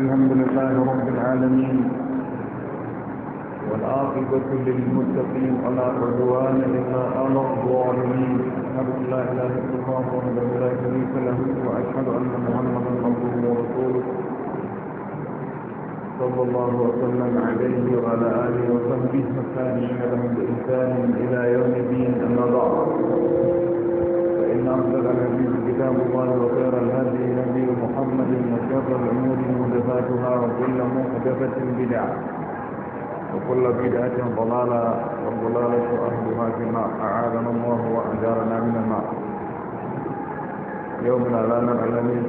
الحمد لله رب العالمين والعاقبة للمتقين ولا عدوان إلا آل الظالمين أشهد أن لا إله إلا الله وحده لا شريك له وأشهد أن محمدا عبده ورسوله صلى الله وسلم عليه وعلى آله وصحبه وسلم لهم بإحسان إلى يوم الدين أما بعد فإن أصدق الحديث كتاب الله وخير الهدي هدي محمد وشر الأمور محدثاتها وكل محدثة بدعة وكل بدعة ضلالة والضلالة أهلها في النار أعاذنا الله وأجارنا من النار يومنا لا نعلم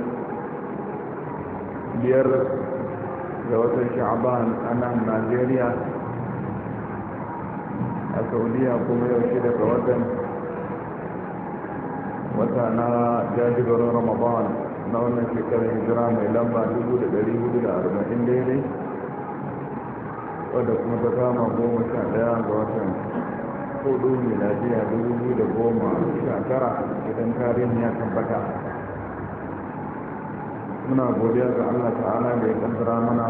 بير da watan أنا a nan السعودية a saudiya kuma wata na jajibarin ramadan na wannan shekarar hijira mai lamba 1440 daidai wadda kuma ta kama goma sha daya ga watan hudu miladiya 2019 idan karin ya tabbata muna godiya ga allah ta'ala da ya kaddara mana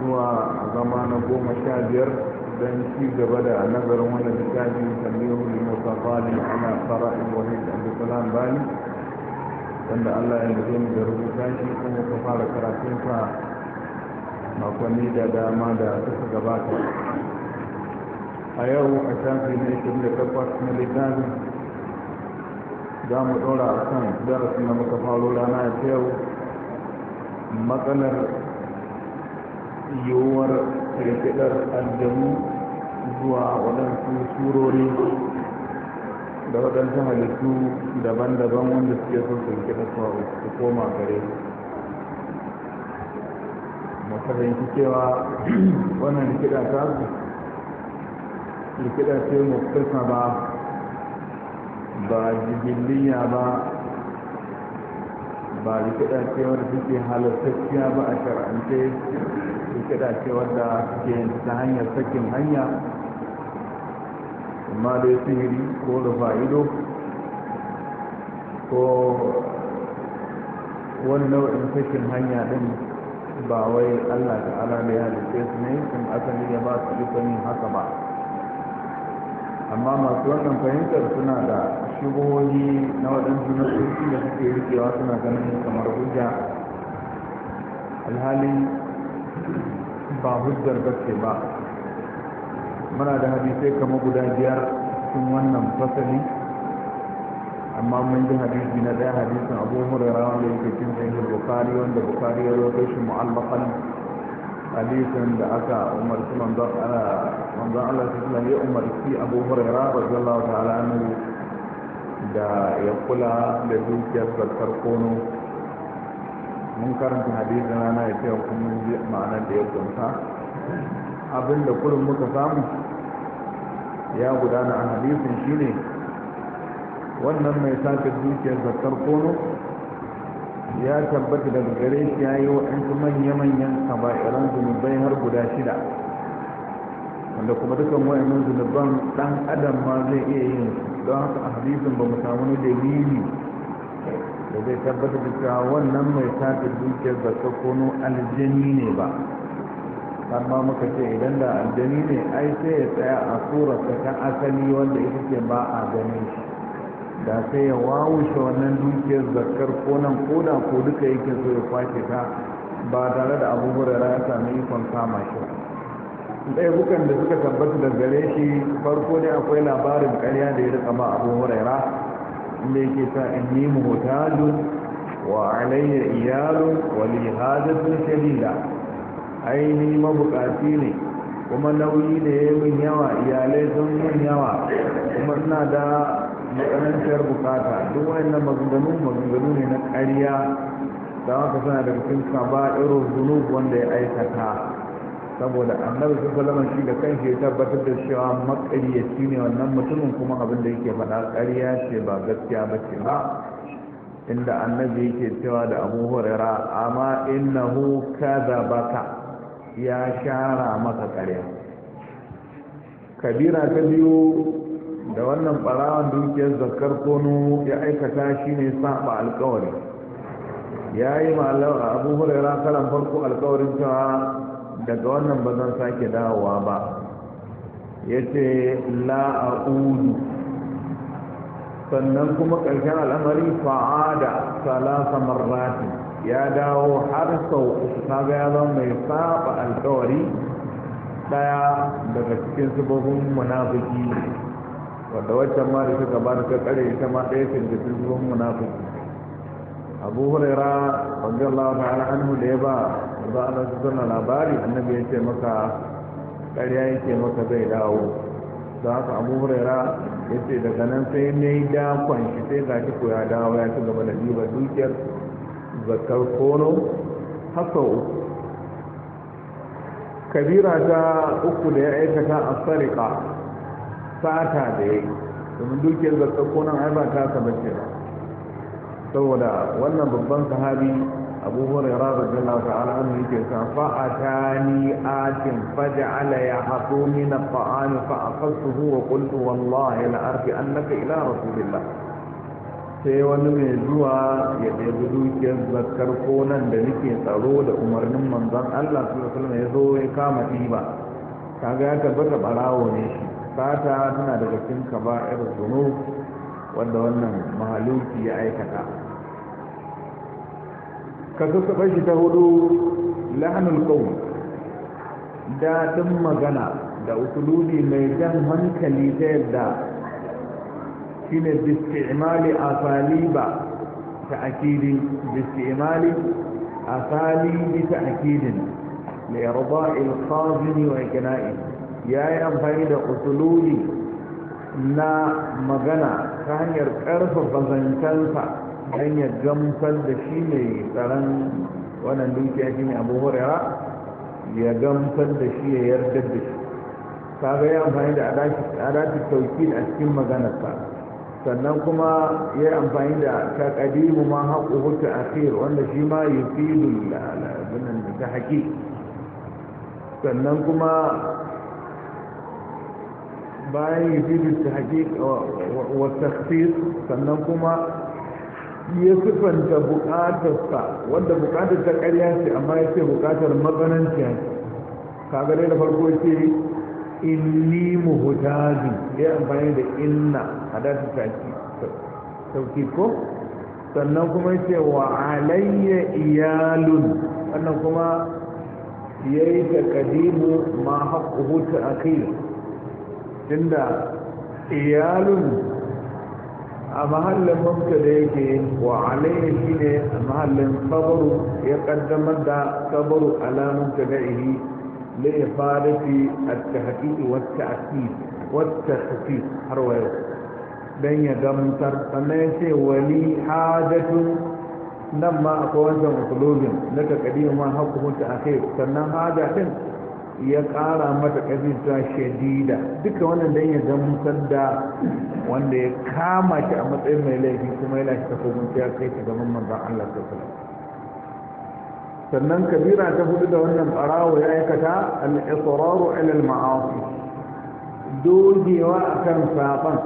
zuwa zama na goma sha biyar don ci gaba da nazarin wannan littafi tambayo da musa bali ana fara abu abdulsalam bali wanda allah ya rage mu da rubuta shi kuma ka fara karatun sa makonni da dama da suka gabata a yau a shafi na 28 na littafin za mu ɗora a kan darasin da muka faro rana ta matsalar yiwuwar rikidar aljanu zuwa waɗansu surori da waɗansu halittu daban-daban wanda suke son firfidar su koma gare mu fahimci cewa wannan rikida ta rikida ce mukasa ba ba jibiliya ba ba rikida ce wadda suke halattacciya ba a shar'ance kida ce wanda ke ta hanyar sakin hanya amma ya sihiri ko rufa ido ko wani nau'in sakin hanya din ba wai allah ta'ala da ya dace su ne sun asali ya ba su ikon haka ba amma masu wannan fahimtar suna da shugohi na waɗansu na da suke rikewa suna ganin kamar hujja alhali ba hujjar bace ba muna da hadisai kamar guda biyar cikin wannan fasali amma mun ji hadisi na daya hadisin abu hurera wanda yake cikin sahih bukhari wanda bukhari ya rawaito shi mu'allaqan hadisin da aka umarci manzon Allah manzon Allah sallallahu ya umarci abu hurera radiyallahu ta'ala anhu da ya kula da dukiyar sarkar kono mun karanta hadisin rana ya ce kuma ji ma'anar da ya kunsa abinda kullum muka samu ya gudana a hadisin shine wannan mai sace dukiyar zakar kono ya tabbata daga gare shi ya yi waɗansu manya-manyan kaba'iran zunubai har guda shida wanda kuma dukan wayannan zunuban ɗan adam ma zai iya yin don haka a hadisin ba mu samu dalili da zai tabbatar da cewa wannan mai sata dukiyar ba ta kono ne ba har ma muka ce idan da aljani ne ai sai ya tsaya a surarsa ta asali wanda ita ce ba a ganin shi da sai ya wawushe wannan dukiyar zakar ko nan ko da ko duka yake so ya kwace ta ba tare da abu hurara ya sami ikon kama shi ɗaya bukan da suka tabbata da gare shi farko ne akwai labarin karya da ya rika ba abu hurara inda yake sa in inni muhtajun wa alayya iyalu wa li hajatun shadida aini mabukaci ne kuma nauyi ne ya yawa iyalai sun min yawa kuma ina da makarantar bukata duk na maganganu maganganu ne na ƙarya da haka da da cikin kaba irin zunub wanda ya aikata saboda annabi sun salama shi da kanshi ya tabbatar da cewa makaryaci ne wannan mutumin kuma abin da yake faɗa ƙarya ce ba gaskiya ba ce ba inda annabi yake cewa da abu hurera amma innahu kaza baka ya shara maka ƙarya kabira ta biyu da wannan ɓarawan dukiyar zakar kono ya aikata shi ne saba alkawari ya yi malawa abu hurera karan farko alkawarin cewa daga wannan ba zan sake dawowa ba ya ce la'a'udu sannan kuma ƙarshen al'amari fa'ada salasa marrati ya dawo har sau uku ta ya zama mai saba alkawari ɗaya daga cikin sabobin munafiki wadda waccan ma da suka ba ta kare ita ma ɗaya cikin sababin munafiki abu huraira radiyallahu ta'ala anhu da ya ba za a lasu suna labari annabi ya ce maka ƙarya ce maka zai dawo da haka abu huraira ya ce daga nan sai ne yi dakon shi sai ga shi ko ya dawo ya ci gaba da diba dukiyar zakar kono haka uku kabira ta uku da ya aikata a sarika sata da ya yi domin dukiyar zakar kono ai ba ta saba ce ba saboda wannan babban sahabi abu hurairah radiyallahu ta'ala anhu yake sa fa atani atin faj'ala yahqu min at-ta'am fa aqadtuhu wa qultu wallahi la arji annaka ila rasulillah sai wani mai zuwa ya ɗebi dukiyar zakar konan da nake tsaro da umarnin manzon Allah sallallahu alaihi wasallam ya zo ya kama ɗiba kaga ya tabbata barawo ne shi sata tana daga cikin kaba'ir zunub wanda wannan mahaluki ya aikata ka sassafar shi ta hudu lahanin kawo daɗin magana da usulubi mai jan hankali ta yadda shi ne bisti'imali a saliba ta bisti'imali a salibi ta akidin mai raba ilfazini wa ikina'i ya yi amfani da usulubi na magana ta hanyar ƙarfafa zancensa don ya gamsar da shi mai tsaron wannan dukiya shi ne abu hurera ya gamsar da shi ya yarda da shi kaga ya amfani da adati tauki a cikin maganarsa sannan kuma ya amfani da ta kadimu ma haƙo hutu akhir wanda shi ma yi fidun ta haƙi sannan kuma bayan yi fidun ta haƙi wa sannan kuma ya sifanta bukatarsa wanda bukatar ta ƙarya ce amma ya ce bukatar matsananciya kaga dai da farko ce inni muhtaji ya amfani da inna a ta ce sauki ko sannan kuma ya ce wa alayya iyalun sannan kuma ya yi ta kadimu ma haƙƙuhu ta akai tunda iyalun a mahallin mafka da yake wa alayhi shine a mahallin kabaru ya kaddamar da kabaru alamun ta da'ihi da ya fara fi a tahqiqi wa ta'qib ta tahqiq har wa yau ya gamtar sannan ya ce wali hajatun nan ma akwai wancan na daga kadima ma hukumunta akai sannan haja din ya ƙara mata ƙazita shadida duka wannan dan ya gamsar da wanda ya kama shi a matsayin mai laifi kuma yana shi takobin ya kai shi gaban manzon Allah sallallahu sannan kabira ta hudu da wannan barawo ya aikata al-israru ala al-ma'asi dogewa akan saban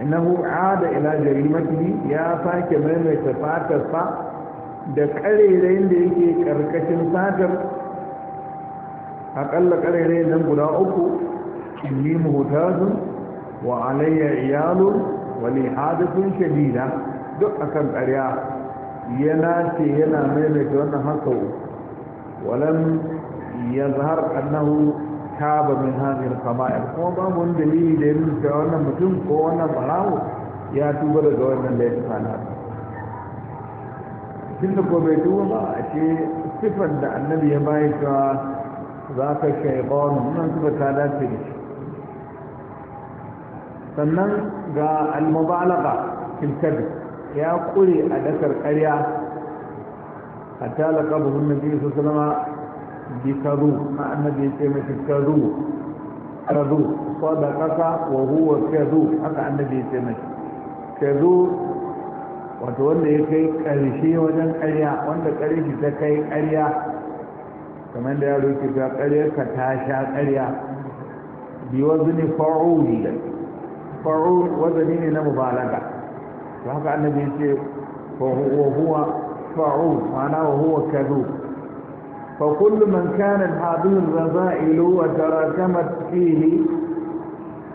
innahu ada ila jarimatihi ya sake maimaita fatarsa da karerayin da yake karkashin fatar akalla karere nan guda uku inni muhtazun wa alayya iyalun wani li shadida duk akan ƙarya yana ce yana maimaita wannan haka ya zahar annahu taba min hadhihi al kuma babu wani dalili da yana cewa wannan mutum ko wannan barawo ya tuba daga wannan da ya tsana tunda ko bai tuba ba a ce sifan da annabi ya bayyana. ذاك الشيطان من تبتالات تلك فمن جاء المبالغة في الكذب يا قولي أذكر قرية حتى لقبه النبي صلى الله عليه وسلم بكذو ما النبي يتيمة كذو كذو صدقك وهو كذو حتى النبي يتيمة كذو وتولي كي كرشي وجن قرية وانت كرشي تكي قرية kamar da yaro ke sa ƙaryarka ta sha ƙarya bi wazni fa'ul fa'ul wazni ne na mubalaga to haka annabi ce fa huwa fa'ul ma'ana wa huwa kadu fa kullu man kana hadhihi ar-raza'il wa tarakamat fihi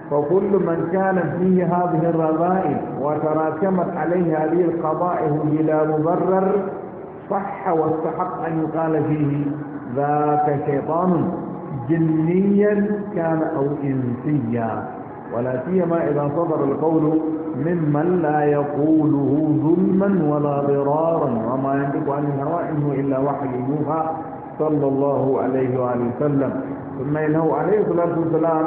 فكل من كان فيه هذه الرذائل وتراكمت عليه هذه القضائه بلا مبرر صح واستحق أن يقال فيه ذاك شيطان جنيا كان أو إنسيا ولا سيما إذا صدر القول ممن لا يقوله ظلما ولا ضرارا وما ينطق عن الهوى إنه إلا وحي يوحى صلى الله عليه وآله وسلم ثم إنه عليه الصلاة والسلام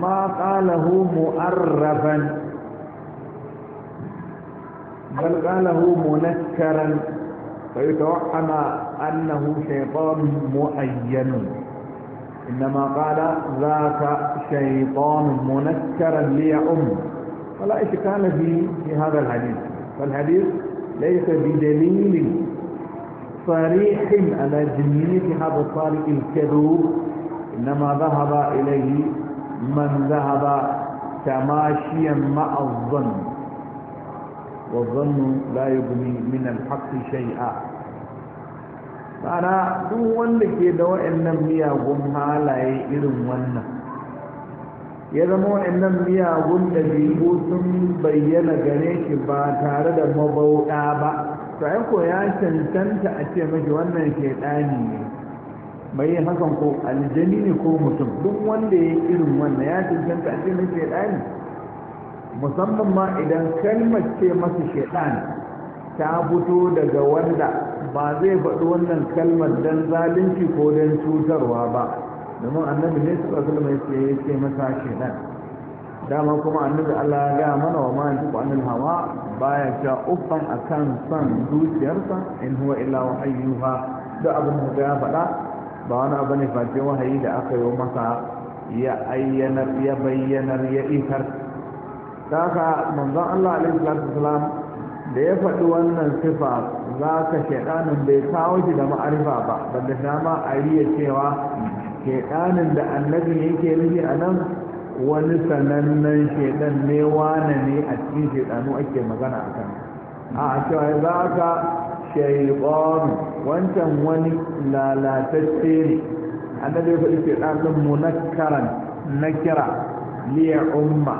ما قاله مؤرفا بل قاله منكرا فيتوحم أنه شيطان مؤين إنما قال ذاك شيطان منكرا ليعم ولا إشكال في في هذا الحديث فالحديث ليس بدليل صريح على جنية هذا الصالح الكذوب إنما ذهب إليه من ذهب تماشيا مع الظن والظن لا يبني من الحق شيئا Mana duk wanda ke da wa'annan miyagun halaye irin wannan ya zama wa'annan miyagun da biyu sun bayyana gare shi ba tare da mabauɗa ba to ai ko ya cancanta a ce mashi wannan shaidani ne bai hakan ko aljani ne ko mutum duk wanda ya irin wannan ya cancanta a ce mashi shaidani musamman ma idan kalmar ce masa shaidani ta fito daga wanda ba zai faɗi wannan kalmar dan zalunci ko dan cutarwa ba domin annabi ne suka sulma ya ce masa shaidan dama kuma annabi Allah ya gaya mana wa ma yanzu anil hawa baya ta uffan kan son zuciyarsa in huwa illa wahayyuha duk abin da ya faɗa ba wani abu ne face wahayi da aka yi masa ya ayyanar ya bayyanar ya ikar ta haka manzon Allah alaihi salatu da ya faɗi wannan sifa za ka shaidanin bai kawo shi da ma'arifa ba banda dama a ya cewa shaiɗanin da annabi yake nufi a nan wani sanannen shaiɗan ne wane ne a cikin shaidanu ake magana a kan a cewa za ka shaidanu wancan wani lalatacce ne annabi ya faɗi shaidanin mu na kira liya umma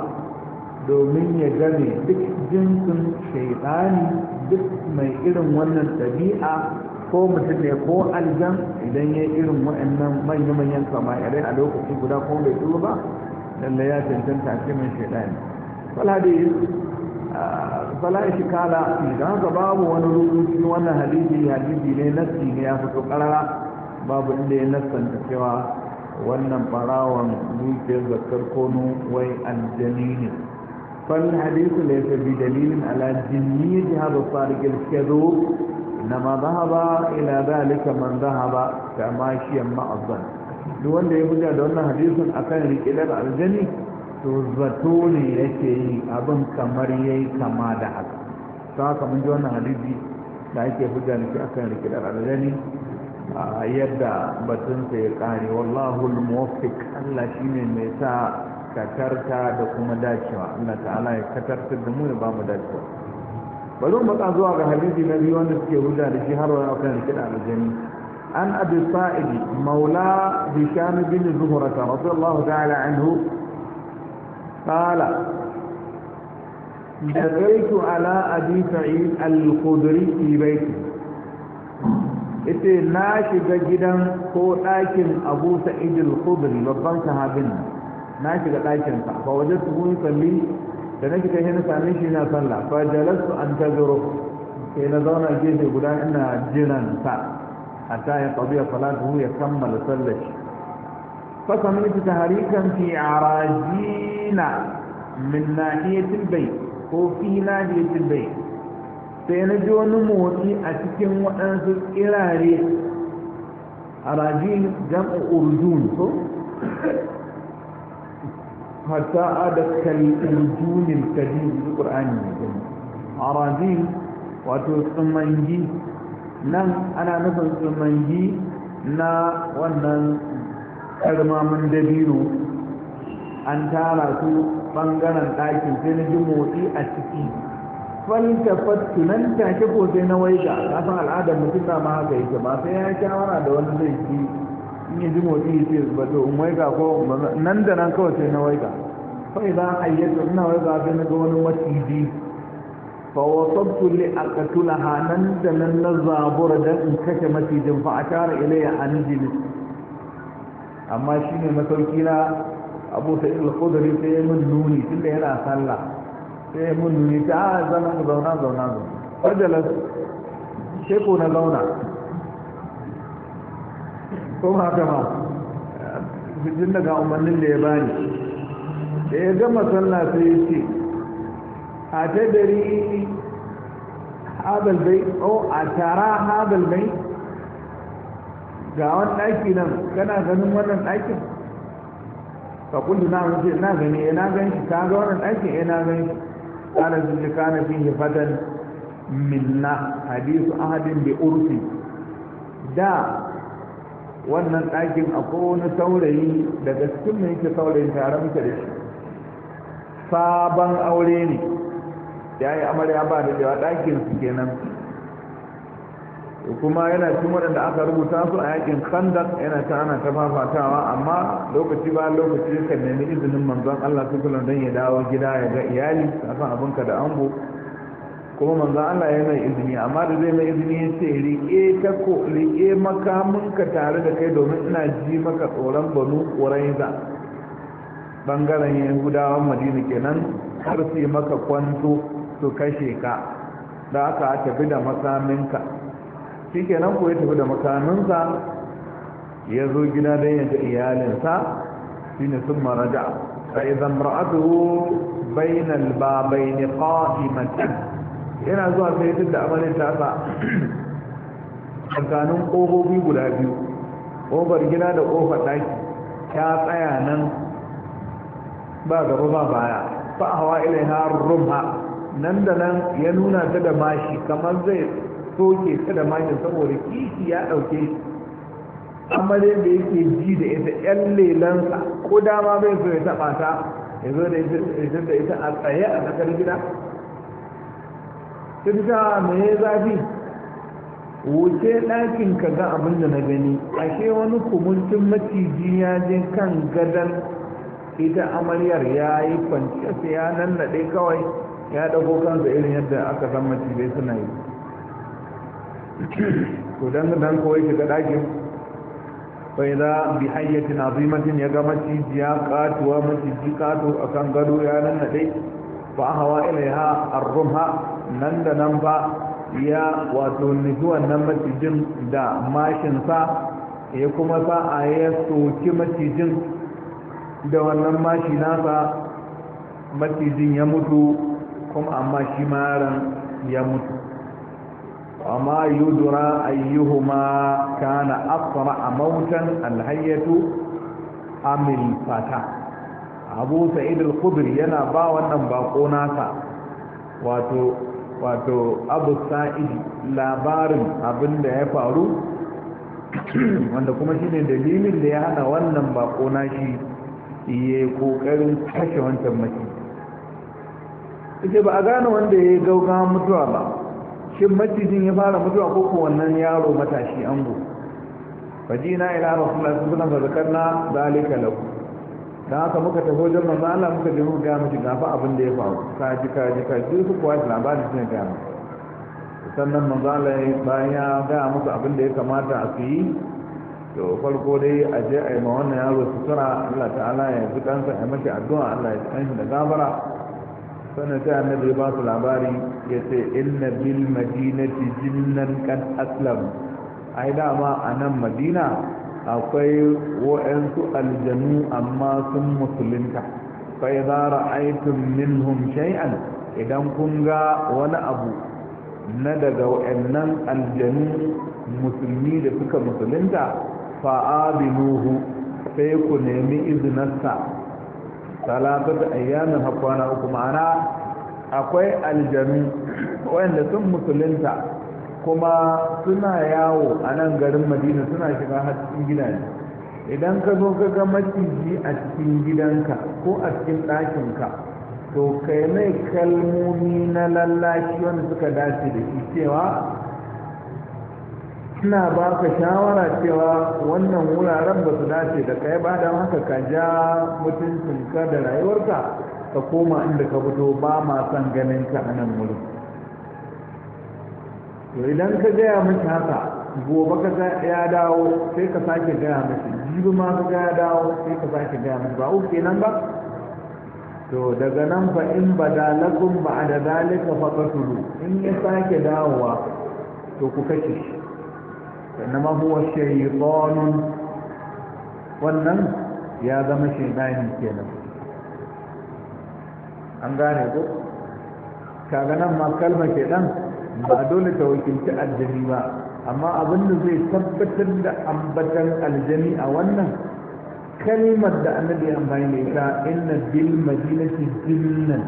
domin ya gane duk jinsin shaiɗani. duk mai irin wannan ɗabi'a ko mutum ne ko aljan idan ya irin waannan manya-manyan sama'irai a lokaci guda ko bai tsoro ba lalle ya cancanta ce mai shaidani fala shi kala idan haka babu wani rubutu wannan hadisi hadisi ne nassi ne ya fito karara babu inda ya nassanta cewa wannan barawon dukiyar zakar kono wai aljani ne فالحديث ليس بدليل على جنية هذا الطارق الكذوب إنما ذهب إلى ذلك من ذهب كماشيا مع الظن duk wanda ya buga da wannan hadisin akan rikilar aljani to zato ne yake yi abin kamar yayi kama da haka ta haka mun ji wannan hadisi da ake buga da shi akan rikilar aljani a yadda batunsa ya kare wallahu al Allah shine mai sa katarta da kuma dacewa Allah ta'ala ya katarta da mu ya bamu mu dacewa bari mu ka zuwa ga hadisi na biyu wanda suke hujja da shi har wani akan kiɗa aljani an abi sa'idi maula hisham bin zuhrata radiyallahu ta'ala anhu qala دخلت على أبي سعيد الخدري في بيتي ita na shiga gidan ko ɗakin abu sa'id al babban sahabin na shiga ɗakinsa fa waje su mun salli da na shiga hin same shi na sallah fa jalasu an tazuru sai na zauna gefe guda ina jiran sa ta ya qadiya salatu ya kammala sallar shi fa ta taharikan fi arajina min nahiyatil bayt ko fi nahiyatil bayt sai na ji wani motsi a cikin waɗansu tsirare arajin jam'u urdun so hatta ada kal'ujumin kadir da ƙur'ani mai wato tsumangi nan ana nufin tsumangi na wannan karmamin dabiru an tara su ɓangaren ɗakin sai na ji motsi a ciki falta fattu nan take ko sai na waiga kasan al'adar mutum na ma haka yake ba sai ya shawara da wani zai ci in ji motsi sai ba to in waiga ko nan da nan kawai sai na waiga fai za a yi yadda ina waiga sai na ga wani maciji fa wasabtu li aqtulaha nan da nan na zabura dan in kace macijin fa ashara ilayya an jini amma shine masauki na abu sai al-khudri sai mun nuni tunda yana sallah sai mun nuni ta zama ah, zauna zauna zauna fadalas sheko na zauna ko ma haka jin daga umarnin da ya bani da ya gama sallah sai ya ce a ta dari hadal bai o a tara hadal bai ga wani ɗaki nan kana ganin wannan ɗakin ka kullu na mace na gani ya eh, na gan ka ta ga wannan ɗakin ya eh, na gan shi kana zuci kana fi hifatan minna hadisu ahadin bi urfi da wannan ɗakin a kowane saurayi daga cikin mai yake saurayin tare muke da shi sabon aure ne ya yi amarya ba da cewa ɗakin su kenan kuma yana cin waɗanda aka rubuta su a yakin khandak yana ta ana ta fafatawa amma lokaci ba lokaci kan nemi izinin manzon Allah su kula don ya dawo gida ya ga iyali a kan abinka da ango kuma manzan Allah ya mai izini amma da zai mai izini ya ce riƙe ta ko riƙe makaminka tare da kai domin ina ji maka tsoron banu ƙuraiza bangaren yahudawan madina kenan har su maka kwanto su kashe ka da aka tafi da makaminka shi kenan ko ya tafi da makaminsa ya zo gida don ya iyalin iyalinsa shine sun maraja fa idan ra'atuhu bainal babaini yana zuwa sai duk da amalin ta sa tsakanin ƙofofi guda biyu ƙofar gida da ƙofar ɗaki ta tsaya nan ba gaba ba baya fa hawa na rumha nan da nan ya nuna ta da mashi kamar zai soke ta da mashi saboda kishi ya ɗauke shi amalin da yake ji da ita yan lelansa ko dama bai so ya taɓa ta ya zo da ita a tsaye a tsakar gida kirga ta ah, ya zafi wuce ɗakin ka ga abin da na gani ashe wani kumuntun maciji ya je kan gadon ita amaryar ya yi kwanciya sai ya nannaɗe kawai ya ɗago kansa irin yadda aka san macizai suna yi to dan dan kawai shiga dakin bai za bi hayyatin azimatin ya ga ya katuwa maciji katu akan gado ya nan nannaɗe fa hawa ilaiha arrumha nan da nan ba ya wato nufi wannan macijin da mashinsa ya kuma a ya soki macijin da wannan mashi nasa macijin ya mutu kuma amma shi maran ya mutu amma yudura ayyuhuma kana asra a mautan alhayyatu amil fata abu sa'id al yana ba wannan bako nasa wato wato abu sa'id labarin abin da ya faru wanda kuma shine dalilin da ya hana wannan bako shi ya kokarin kashe wancan maki ita ba a gane wanda ya yi gauka mutuwa ba shin macijin ya fara mutuwa ko ko wannan yaro matashi ango fajina ila rasulullahi sallallahu alaihi wasallam na zalika da haka muka tafi wajen manzo Allah muka je muka gaya miki gafa abin da ya faru ka ji ka ji ka ji su kuwa labarin sun gaya mu sannan manzo Allah bayan ya gaya musu abin da ya kamata a su yi to farko dai a je a yi ma wannan yaro sutura Allah ta'ala ya ji kansa ya mashi addu'a Allah ya tsanshi da gabara sannan sai annabi ya ba su labari ya ce inna bil madinati jinnan kan aslam ai dama a nan madina akwai wa'ansu aljanu amma sun musulunta fai za ra'aitun minhum shay'an idan kun ga wani abu na daga wa'annan aljanu musulmi da suka musulunta fa'abinuhu sai ku nemi izinarsa salatata ayyamin hakwana uku ma'ana akwai aljanu wa'anda sun musulunta kuma suna yawo a nan garin madina suna shiga har cikin gidaje idan ka zo ka ga maciji a cikin gidanka ko a cikin ɗakinka to kai mai kalmomi na lallashi wanda suka dace da shi cewa Suna ba ka shawara cewa wannan wuraren ba su dace da kai ba don haka ka ja mutuncinka da rayuwarka ka koma inda ka fito ba ma son ganin ka a nan wurin to idan ka gaya mashi haka gobe ka ga ya dawo sai ka sake gaya mashi jibi ma ka gaya ya dawo sai ka sake gaya mashi ba uku kenan ba to daga nan fa in da lakum ba a da dalika fa qatulu in ya sake dawowa to ku kace shi sannan ma huwa shaytanun wannan ya zama shaytani kenan an gane ko kaga nan ma kalma ke ɗan. ba dole ta wakilci aljani ba amma abin da zai tabbatar da ambatan aljani a wannan kalmar da annabi ya amfani da ita inna bil madinati jinnan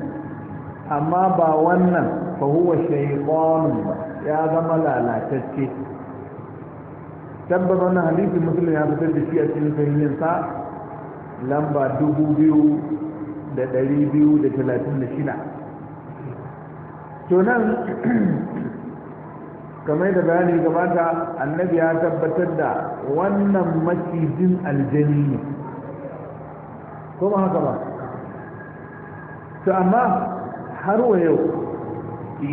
amma ba wannan fa huwa shaytanun ya zama lalatacce tabbata wannan hadisi muslim ya fitar da shi a cikin sahihin sa lamba dubu biyu da shida to nan kamar da bayani gabata annabi ya tabbatar da wannan macijin aljani ne kuma haka ba to amma har wa yau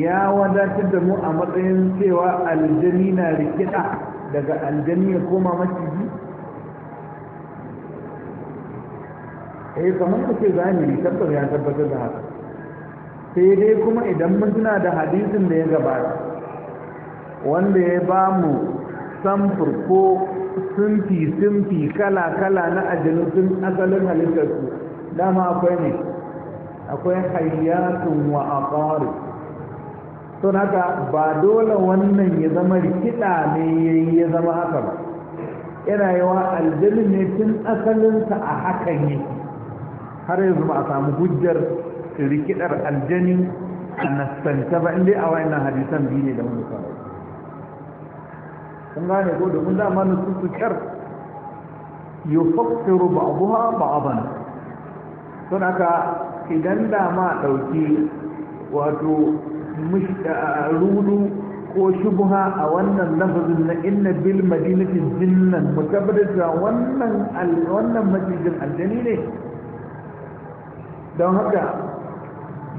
ya wadatar da mu a matsayin cewa aljani na rikida daga aljani ya koma maciji eh kamar ka ce zamiri tabbatar ya tabbatar da haka sai dai kuma idan mun tuna da hadisin da ya gabata wanda ya ba mu samfur ko sunfi sunfi kala kala na ajalusun asalin halittarsu dama akwai ne akwai hayyatun wa aqari sun haka ba dole wannan ya zama rikida ne ya ya zama haka ba yana yawa aljanin ne tun asalinsa a hakan yake har yanzu ba a samu hujjar rikidar aljani a nasanta ba inda a nan hadisan biyu ne da mun sa kun gane ko domin dama nusu kyar yufassiru ba ba'dan sun aka idan da ma dauki wato rudu ko shubha a wannan lafazin na inna bil madinati jinnan mutabbata wannan wannan masjidin aljani ne don haka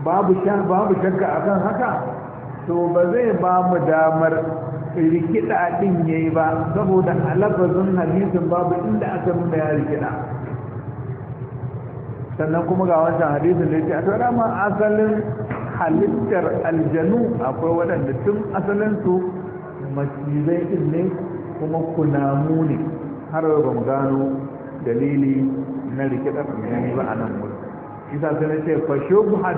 babu babu shakka akan haka to ba zai ba mu damar rikida din yayi ba saboda alabazin hadisin babu inda aka nuna ya rikida sannan kuma ga wancan hadisin da yake a dama asalin halittar aljanu akwai waɗanda tun asalin su macizai din ne kuma kunamu ne har ba mu gano dalili na rikidar mai ba a nan wurin isa sai ce fa shubha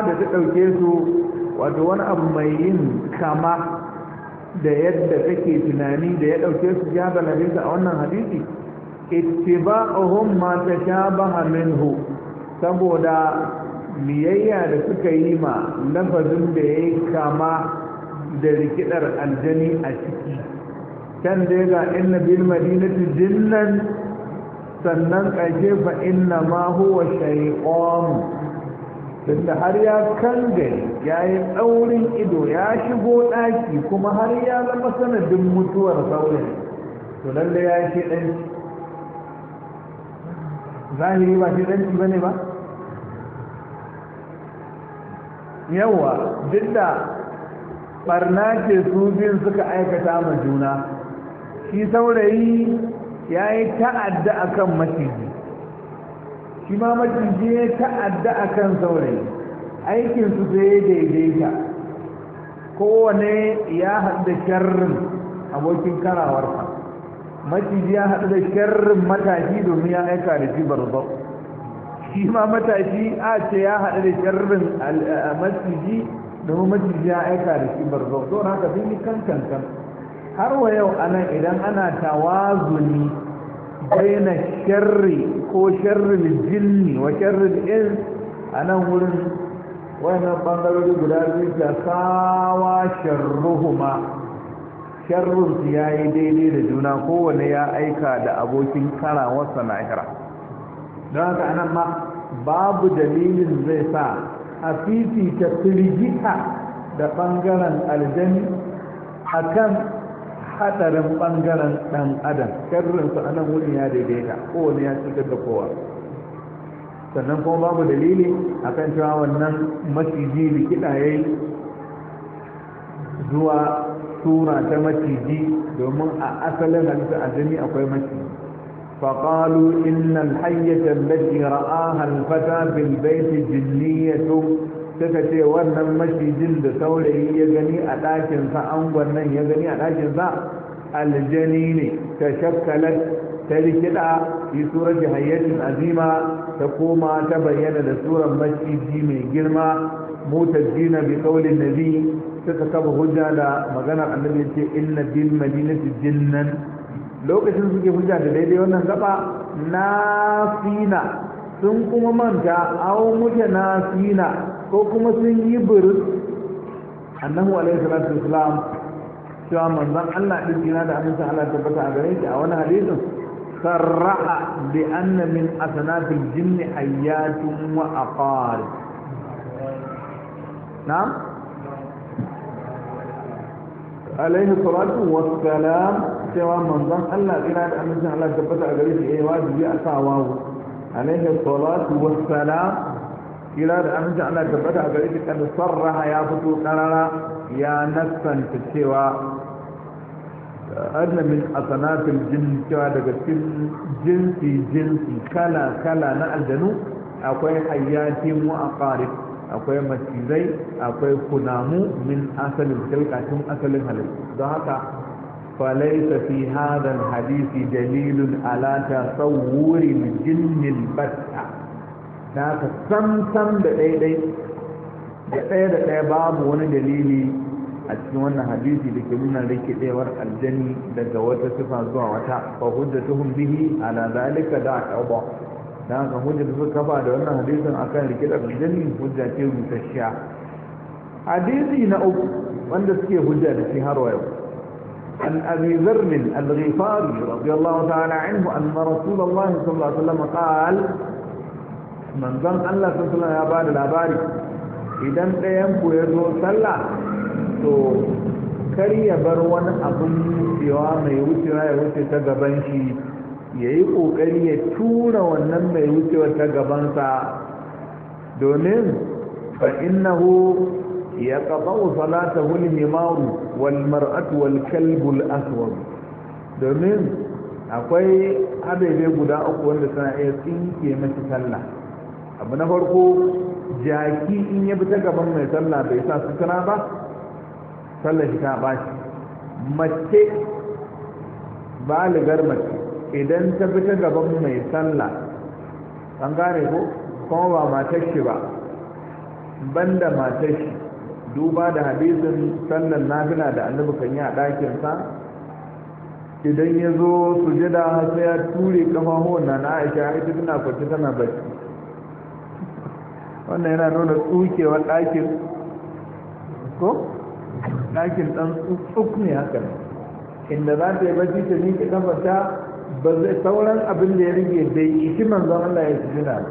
da ta dauke su wato wani abu mai yin kama da yadda take tunani da ya dauke su ya galabinsa a wannan hadisi ittiba'uhum ma tashabaha minhu saboda miyayya da suka yi ma lafazin da ya kama da rikidar aljani a ciki can dai ga inna bil madinati jinnan sannan ƙarshe fa inna ma huwa shaytan tunda har ya kangare ya yi tsaurin ido ya shigo ɗaki kuma har ya zama sanadin mutuwar saurin to lalle ya yi ɗanci zahiri ba shi ɗanci ba ne ba yawa duk da ɓarna ce su biyun suka aikata ma juna shi saurayi ya yi ta'adda a kan maciji shi ma maciji ya ta'adda a kan saurayi aikinsu sai daidaita kowane ya haɗu da sharrin abokin karawarsa maciji ya haɗu da sharrin matashi domin ya aika da shi barzau shi ma matashi a ce ya haɗu da sharrin maciji domin maciji ya aika da shi barzau don haka sun yi kankan kan har wa yau anan idan ana tawazuni baina sharri ko sharri jinni wa sharri in anan wurin wannan bangarori guda biyu da sawa sharruhuma sharrun su ya yi daidai da juna kowane ya aika da abokin wasa na ikira don haka anan ma babu dalilin zai sa a fiti fifita firgita da bangaren aljani kan. hadarin bangaren dan adam sharrinsu su anan wurin ya daidaita kowane ya cutar da kowa sannan kuma babu dalili a kan cewa wannan maciji likita ya yi zuwa tura ta maciji domin a asalin halitta a jini akwai maciji فقالوا إن الحية التي رآها الفتى في البيت جنية suka ce wannan macijin da saurayi ya gani a ɗakinsa angon nan ya gani a ɗakinsa aljani ne ta shakkalar ta rikida yi surar hayyatin azima ta koma ta bayyana da surar maciji mai girma motar jina bi kaulin nabi suka kafa hujja da maganar annabi ce inna bil madinati jinnan lokacin suke hujja da daidai wannan gaba na fina sun kuma manta au muta na fina ko kuma sun yi biris annahu alaihi salatu wasalam cewa manzan Allah din jina da amince Allah tabbata a gare shi a wani hadisin sarra'a bi anna min asnatil jinni hayyatun wa aqar na'am alaihi salatu wassalam cewa manzan Allah jina da amince Allah tabbata a gare shi eh wajibi a sa wawo alaihi salatu wassalam kira da aminci Allah tabbata a gare shi kan sarraha ya fito karara ya nassanta cewa adna min asanatil jin cewa daga cikin jinsi jinsi kala kala na aljanu akwai hayyatin mu'aqarib akwai macizai akwai kunamu min asalin tilka tun asalin halittu don haka falaisa fi hadha hadisi dalilun ala tasawwuri jinnin batta da haka sam-sam da ɗaiɗai da ɗaya da ɗaya babu wani dalili a cikin wannan hadisi da ke nuna rikidewar aljani daga wata sifa zuwa wata fa hujjatuhum bihi ala zalika da qawba da haka hujja ta suka kafa da wannan hadisin kan rikidar aljani hujja ce mutassiya hadisi na uku wanda suke hujja da shi har wayo عن أبي ذر الغفاري رضي الله تعالى عنه أن رسول الله صلى الله عليه وسلم قال manzon Allah sallallahu ya bada labari idan ɗayan ku ya zo sallah to kar ya bar wani abun wucewa mai wucewa ya wuce ta gaban shi ya yi ƙoƙari ya tura wannan mai wucewa ta gabansa domin fa innahu ya ƙaɓa'u salatahu al wal mar'atu wal kalbul aswad domin akwai abebe guda uku wanda suna iya tsinke mashi sallah abu na farko jaki in ya fita ta gaban mai sallah bai sa sutura ba Sallah shi ta bashi mace baligar mace idan ta bi ta gaban mai sallah an gane ko kuma ba matar shi ba banda matar shi duba da hadisin sallar nafila da annabi kan yi a ɗakinsa idan ya zo sujada sai ya ture kafa na na aisha ita tana kwanci tana bacci wannan yana nuna tsukewar ɗakin ko ɗakin ɗan tsuk ne haka inda za ta yi bacci ta miƙe kafata ba zai sauran abin da ya rige dai ishi manzon Allah ya sujina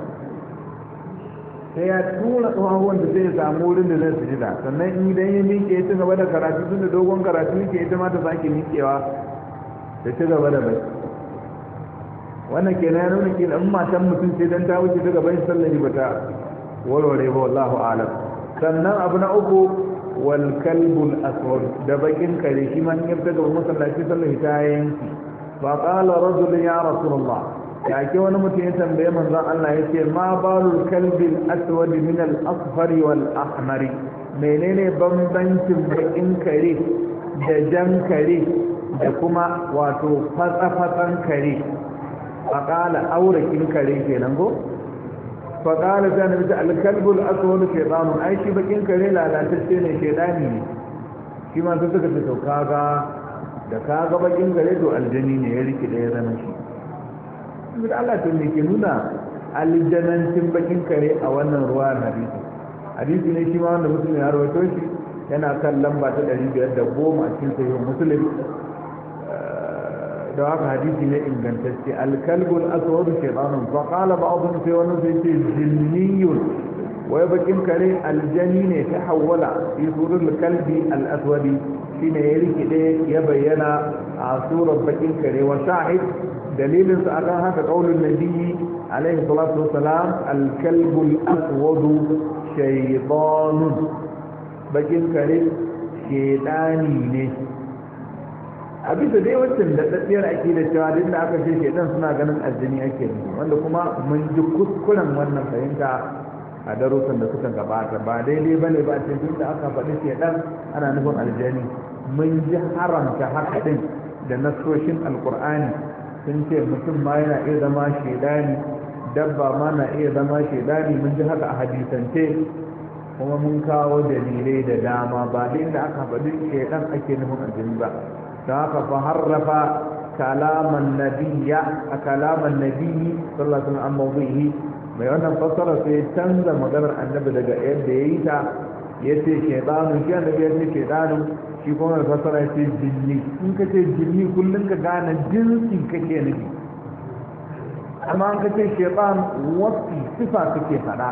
sai ya tura tsohon da zai samu wurin da zai sujina sannan idan ya miƙe ci gaba da karatu tun da dogon karatu miƙe ita ma ta sake miƙewa da ci gaba da bai wannan kenan ya nuna kenan in matan mutum sai dan ta wuce ta gaban sallari ba ta warware ba wallahu alam sannan abu na uku wal kalbul aswad da bakin kare shi man yabta ga masallaci sallah ta yanki fa qala rajul ya rasulullah ya ke wani mutum ya tambaye manzon Allah ce ma balul kalbil aswad min al asfar wal ahmar menene bambancin bakin kare da jan kare da kuma wato fatsa-fatsan kare fa qala aurakin kare kenan go faƙala ta nabi ta alkalbul aswad shaytanun ai shi bakin kare lalatacce ne ke shaytani ne shi ma sai suka ce to kaga da kaga bakin kare to aljani ne ya riki da ya zama shi saboda Allah to ne ke nuna aljanancin bakin kare a wannan ruwa hadisi hadisi ne shi ma wanda musulmi ya rawaito shi yana kan lamba ta ɗari biyar 510 a cikin sahih muslim da haka hadisi ne ingantacce alkalbul aswad shaytanun fa qala ba'dhum sai wannan sai ce jinniyun wai bakin kare aljani ne ta hawala fi surul kalbi al aswadi shine ya rikide ya bayyana a surar bakin kare wa shahid dalilin sa akan haka qaulun nabiyyi alaihi salatu wassalam alkalbul aswad shaytanun bakin kare shedani ne a bisa dai wancan da tsatsiyar ake da cewa duk da aka shirke shedan suna ganin aljini ake nufi wanda kuma mun ji kuskuren wannan fahimta a darussan da suka gabata ba daidai bane ba ce duk da aka faɗi dan ana nufin aljani mun ji haramta haka din da nasoshin alkur'ani sun ce mutum ma yana iya zama shaidani dabba ma na iya zama shaidani mun ji haka a hadisance kuma mun kawo dalilai da dama ba da aka faɗi dan ake nufin aljini ba da haka fa harrafa kalaman nabiyya a kalaman nabiyyi sallallahu alaihi wasallam mawduhi mai wannan fassara sai canza maganar annabi daga yadda ya yi ta ya ce shaidanu shi annabi ya ce shaidanu shi kuma wannan fassara yace jinni in ka ce jinni kullum ka gane jinsi ke nufi amma an ka ce shaidan wasu sifa kake fada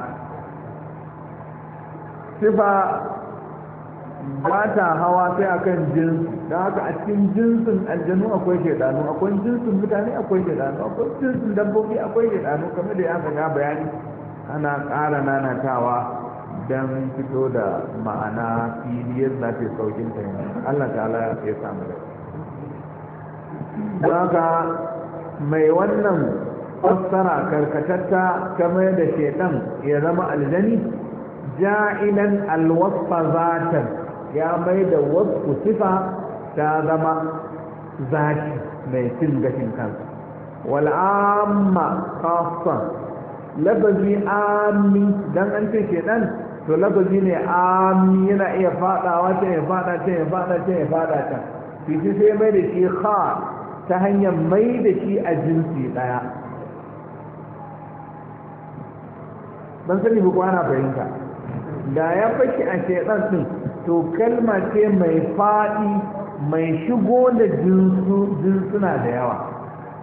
sifa ba ta hawa sai akan jinsu don haka a cikin jinsin aljanu akwai shaidanu akwai jinsin mutane akwai shaidanu akwai jinsin dabbobi akwai shaidanu kamar da ya ga bayani ana ƙara nanatawa don fito da ma'ana fili yadda yi saukin yi Allah ta'ala ya samu da don haka mai wannan fassara karkatatta kamar da shaidan ya zama aljani ja'ilan alwasfa zatan ya mai da wasu sifa ta zama zaki mai cin gashin kansa wal'amma khasan lafazi ami dan an ce dan to lafazi ne ami yana iya fadawa ta ya fada ta ya fada ta ya fada ta fiti sai mai da shi kha ta hanyar mai da shi a jinsi daya ban sani ba kwana fahimta da ya fashi a shaidan din to kalma ce mai faɗi mai shigo da jinsuna da yawa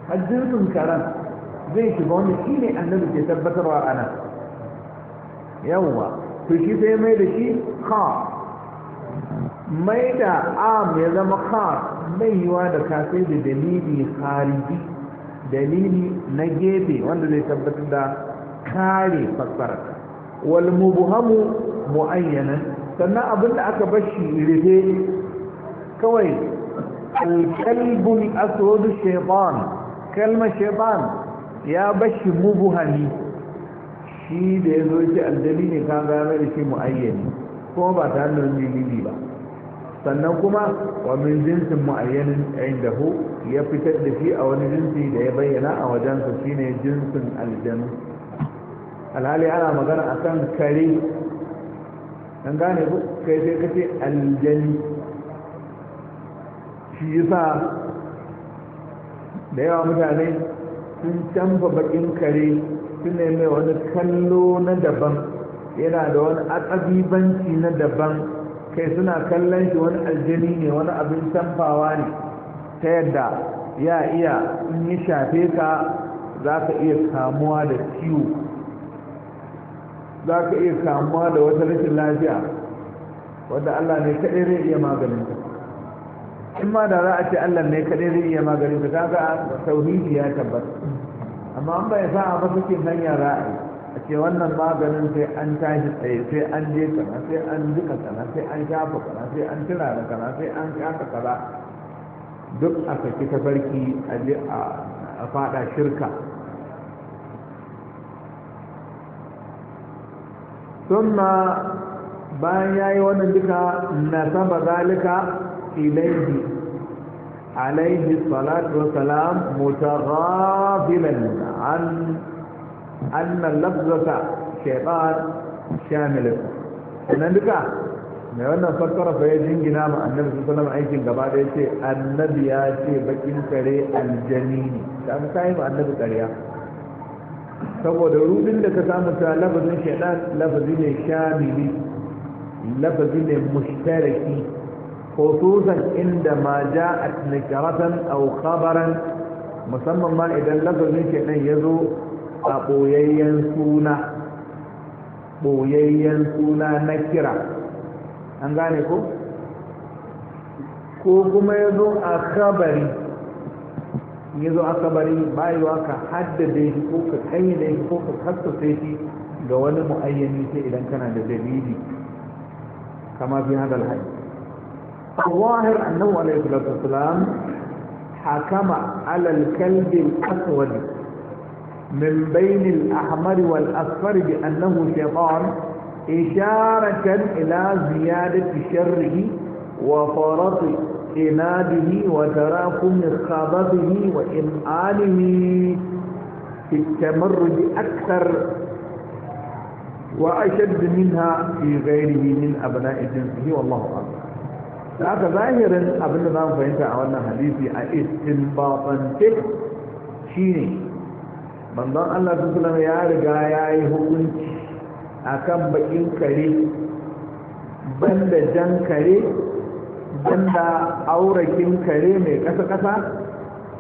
a jinsun karan zai shiga wanda shi ne annabi ke tabbatarwa a nan yawwa to shi sai mai da shi ha mai da am ya zama ha mai yiwa da kasai da dalili khariji dalili na gefe wanda zai tabbatar da kare fassara wal mubhamu mu'ayyanan sannan abin da aka bashi rufe kawai alkalbul aswadu shaitan kalmar shaitan ya bashi mubuhani shi da ya zo ce aljali ne ka gano da shi mu'ayyani kuma ba ta hannun dalili ba sannan kuma wa min jinsin mu'ayyanin indahu ya fitar da shi a wani jinsi da ya bayyana a wajensa shine jinsin aljanu alhali ana magana akan kare an gane ku kai sai ka ce aljani shi yasa da yawa mutane sun canza bakin kare sun mai wani kallo na daban yana da wani akabibanci na daban kai suna kallon shi wani aljani ne wani abin canfawa ne ta yadda ya iya in yi shafe ka za ka iya kamuwa da ciwo za ka iya kamuwa da wata rashin lafiya wadda allah ne kaɗai zai iya maganin ta in ma da za a ce allah ne kaɗai zai iya maganin ta ta ga tauhidi ya tabbata amma an bai sa a masukin hanyar ra'ayi a a ce wannan maganin sai an tashi tsaye sai an je kana sai an jika kana sai an shafa kana sai an tira da kana sai an shafa kaza duk a saki tafarki a je a faɗa shirka thumma bayan yayi wannan duka nasaba zalika ilayhi alayhi salatu wa salam mutaghafilan an anna lafzata shaytan shamil wannan duka mai wannan fakkara fa ya jingina ma annabi sallallahu alaihi aikin gaba da yace annabi ya ce bakin kare aljani ne ta kai ma annabi kariya saboda rubin da ka samu ta lafazin shaidan lafazi ne shamili lafazi ne mushtaraki khususan inda ma ja'at nakaratan aw khabaran musamman ma idan lafazin shaidan ya zo a boyayyen suna boyayyen suna na kira an gane ko ko kuma yazo a khabari ya zo aka bari bayewa ka haddade shi ko ka kayyade shi ko ka kassase shi ga wani mu'ayyani sai idan kana da dalili kama fi hada alhaji الظاهر أنه عليه الصلاة والسلام حكم على الكلب الأسود من بين الأحمر والأصفر بأنه شيطان إشارة إلى زيادة شره وفرط إناده وتراكم إخاضته وإمعانه في التمرد أكثر وأشد منها في غيره من أبناء جنسه والله أعلم zahirin abin da fahimta a wannan hadisi a istinbatance shine manzon Allah sallallahu ya riga ya yi hukunci akan baƙin kare banda jan kare aure aurakin kare mai ƙasa-ƙasa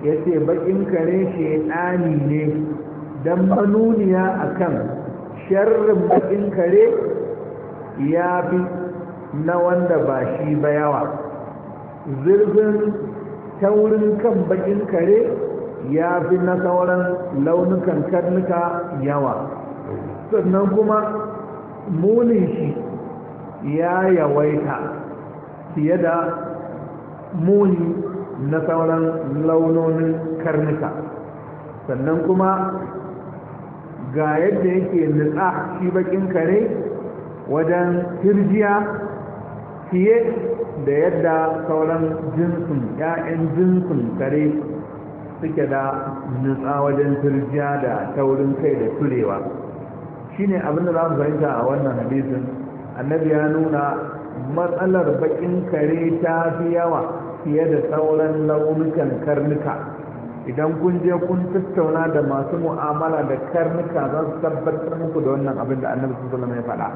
ya ce baƙin kare shi ɗani ne don manuniya a kan sharrin baƙin kare ya fi na wanda ba shi ba yawa zirgin taurin kan baƙin kare ya fi na sauran launukan karnuka yawa sannan kuma munin shi ya yawaita fiye da muni na sauran launonin karnuka sannan kuma ga yadda yake nutsa shi bakin kare wajen turjiya fiye da yadda sauran jinsin 'ya'yan jinsin kare suke da nutsa wajen turjiya da taurin kai da turewa shine abin da za mu fahimta a wannan hadisin annabi ya nuna matsalar bakin kare ta fi yawa fiye da sauran launukan karnuka idan kun je kun tattauna da masu mu'amala da karnuka za su tabbatar muku da wannan abin da annabi sallallahu ya faɗa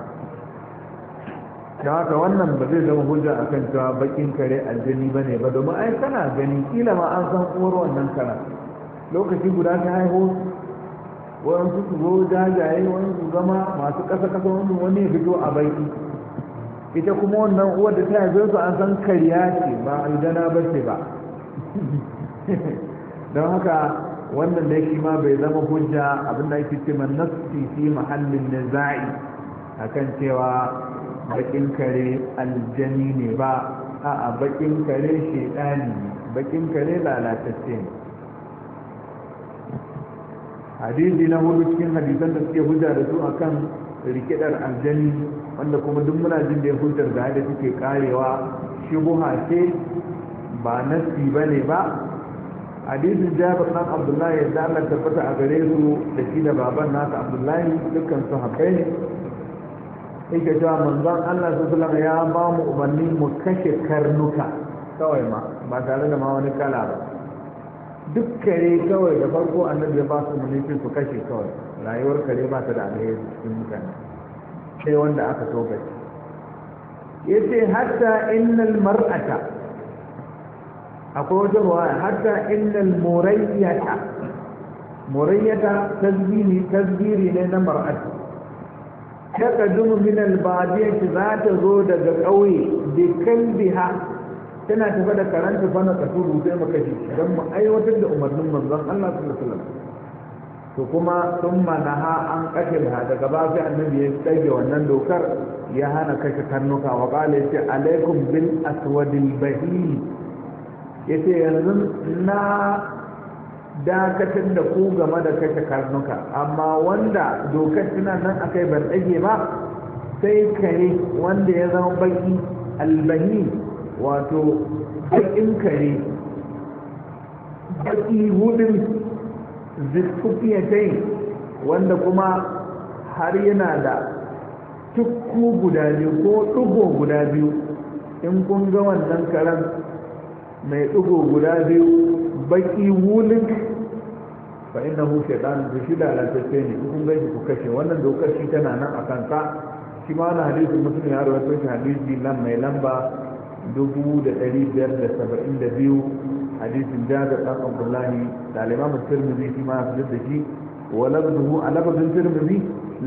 da haka wannan ba zai zama hujja a kan cewa bakin kare aljani ne ba domin ai kana gani kila ma an san uwar wannan kara lokaci guda ta haihu wani su zo jajaye wani su zama masu ƙasa ƙasa wani ya fito a baki ita kuma wannan uwar da ta haife su an san kariya ce ba aljana ba ce ba don haka wannan da shi ma bai zama hujja abinda ake ce man nafsi fi mahallin nizai akan cewa bakin kare aljani ne ba a bakin kare shedani bakin kare lalatacce ne hadisi na hudu cikin hadisan da suke hujja da su akan rikidar aljani wanda kuma duk muna jin da hujjar da da suke karewa buha ce ba nasi ba ne ba hadisin jabir ɗan abdullahi ya Allah tabbata a gare su da shi da baban nasa abdullahi dukkan su haƙai ne yake cewa manzon Allah sallallahu ya ba mu umarni mu kashe karnuka kawai ma ba tare da ma wani kala ba duk kare kawai da farko annabi ya ba su munifi su kashe kawai rayuwar kare ba ta da alheri cikin mutane sai wanda aka togace ya ce hatta innal mar'ata akwai wata ruwa hatta innal murayyata murayyata tasbiri tasbiri ne na mar'ata ta kajumu min albadiyati za ta zo daga ƙauye bi kalbiha tana tafa da karanta fana ka turu sai mu kashe don mu aiwatar da umarnin manzon Allah sallallahu alaihi wasallam to kuma sun manaha an kashe ha daga ba sai annabi ya tsage wannan dokar ya hana kashe karnuka wa kala yace alaikum bil aswadil yace yanzu na dakatar da ku game da kashe karnuka amma wanda dokar tana nan akai ban tsage ba sai kare wanda ya zama baki albani wato baƙin kare baƙi hudun zikufiyatai wanda kuma har yana da tukku guda biyu ko ɗugo guda biyu in kun ga wannan karen mai ɗugo guda biyu baki wulin fa inna hu shaitan da shi lalatacce ne kun ga shi ku kashe wannan dokar shi tana nan a kansa shi ma na hadisi mutum ya rawaito shi hadisi nan mai lamba dubu da ɗari biyar da saba'in da biyu hadisin jabir dan abdullahi da al-imam tirmidhi shi ma fitar da shi wa lafzuhu a lafzin tirmidhi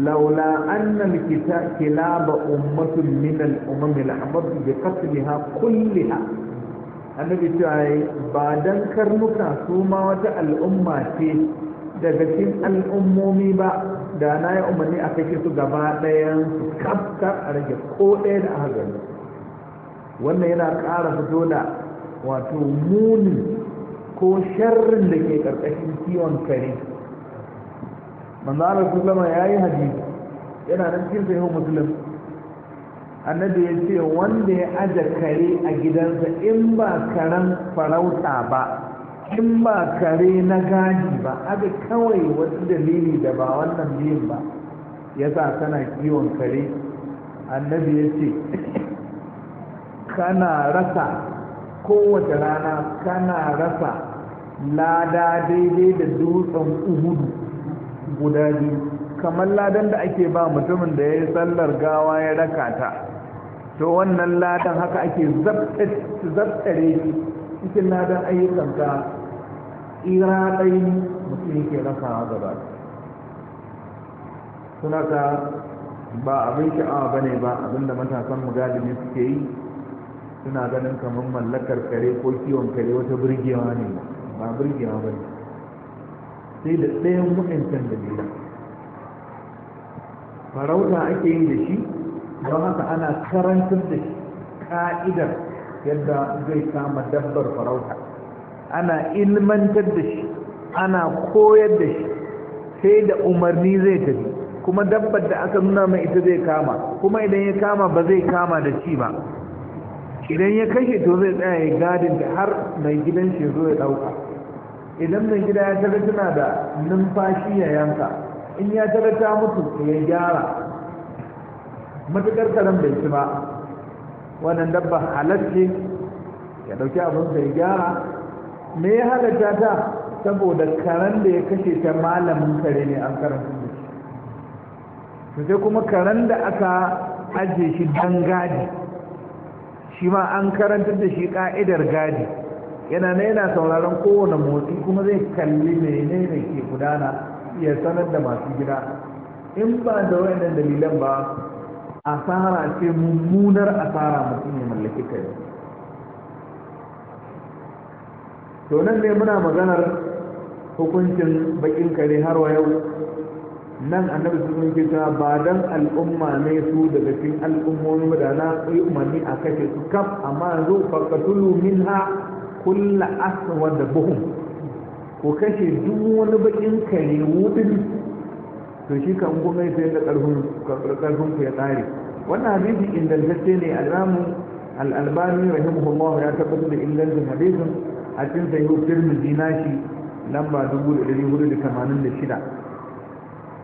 laula anna al-kitab kilaba ummatun min al-umam al-amr bi qatliha kulliha annabi cewa ba dan karnuka su ma wata al'umma ce daga cikin al'ummomi ba da na yi umarni a kashe su gaba ɗayan su kafkar a rage ko ɗaya da aka gani wannan yana ƙara fito da wato muni ko sharrin da ke ƙarƙashin kiwon kare manzana sallama ya yi hadisi yana nan cikin sahihu muslim annabi ya ce wanda ya aje kare a gidansa in ba karen farauta ba in ba kare na gaji ba aga kawai wasu dalili da ba wannan biyun ba ya sa kana kiwon kare annabi ya ce kana rasa kowace rana kana rasa lada daidai da dutsen uhudu guda biyu kamar ladan da ake ba mutumin da ya yi sallar gawa ya raka ta to wannan ladan haka ake zabtare shi cikin ladan ayyukan ka tsira ɗai mutum yake rakawa gaba suna ka ba abin sha'awa ba ne ba abinda matasan mu galibi suke yi suna ganin kamar mallakar kare ko kiwon kare wata birgewa ne ba birgewa ba ne sai da ɗayan da ne farauta ake yin da shi don haka ana karantar da shi ka'idar yadda zai kama dabbar farauta ana ilmantar da shi ana koyar da shi sai da umarni zai tafi kuma dabbar da aka nuna mai ita zai kama kuma idan ya kama ba zai kama da ci ba idan ya kashe to zai tsaya ya gadin da har mai gidan shi zo ya dauka idan mai gida ya tara tana da numfashi ya yanka in ya tara ta mutu ya gyara matukar karen bai ci ba wannan dabba halacce ya dauki abin da ya gyara me ya halatta ta saboda karen da ya kashe ta malamin kare ne an karanta to sai kuma karen da aka ajiye shi dan gadi shi ma an karantar da shi ka'idar gadi yana na yana sauraron kowane motsi kuma zai kalli menene ke gudana ya sanar da masu gida in ba da wayannan dalilan ba asara ce mummunar asara mutum ya mallaki kai to nan ne muna maganar hukuncin bakin kare har wa yau nan annabi sun yi kisa ba dan al'umma ne su daga cikin al'ummomi da na yi umarni a kashe su kaf amma yanzu fakatulu minha kull aswad buhum ko kashe duk wani bakin kare wudin to shi kan sai da karfin karfin ku ya tsare wannan hadisi ingantacce ne al'amu imam al-Albani rahimahullah ya tabbatar da ingancin hadisin a cikin sahihu Tirmidhi nashi lamba 1486